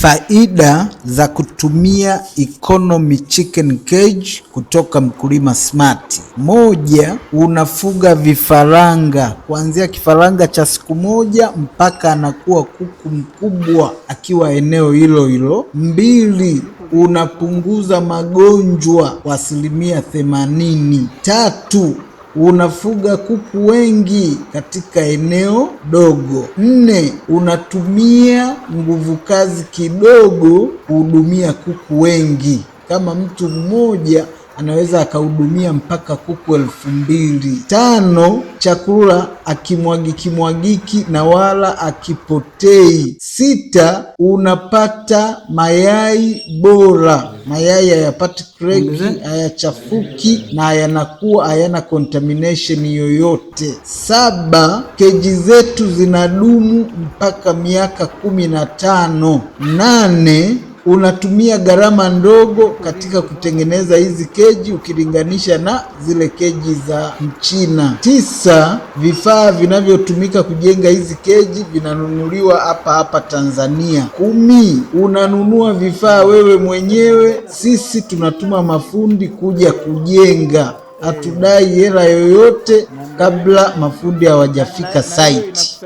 Faida za kutumia economy chicken cage kutoka Mkulima Smart. Moja, unafuga vifaranga kuanzia kifaranga cha siku moja mpaka anakuwa kuku mkubwa akiwa eneo hilo hilo. Mbili, unapunguza magonjwa kwa asilimia themanini. Tatu, unafuga kuku wengi katika eneo dogo. Nne, unatumia nguvu kazi kidogo kuhudumia kuku wengi. Kama mtu mmoja anaweza akahudumia mpaka kuku elfu mbili. Tano, chakula akimwagiki mwagiki na wala akipotei. Sita, unapata mayai bora, mayai hayapati hayachafuki na yanakuwa hayana contamination yoyote. Saba, keji zetu zinadumu mpaka miaka kumi na tano. Nane, unatumia gharama ndogo katika kutengeneza hizi keji ukilinganisha na zile keji za Mchina. Tisa, vifaa vinavyotumika kujenga hizi keji vinanunuliwa hapa hapa Tanzania. Kumi, unanunua vifaa wewe mwenyewe, sisi tunatuma mafundi kuja kujenga hatudai hela yoyote kabla mafundi hawajafika site.